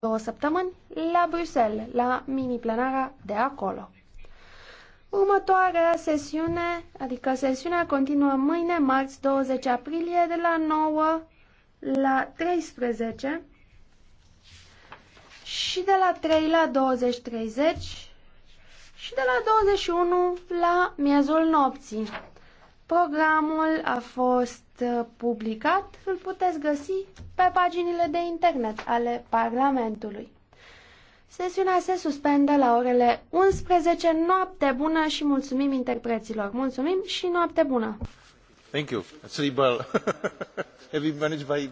două săptămâni la Bruxelles, la mini-plenara de acolo. Următoarea sesiune, adică sesiunea continuă mâine, marți 20 aprilie, de la 9 la 13 și de la 3 la 20.30 și de la 21 la miezul nopții. Programul a fost uh, publicat, îl puteți găsi pe paginile de internet ale Parlamentului. Sesiunea se suspendă la orele 11. Noapte bună și mulțumim interpreților. Mulțumim și noapte bună! Thank you. have you managed by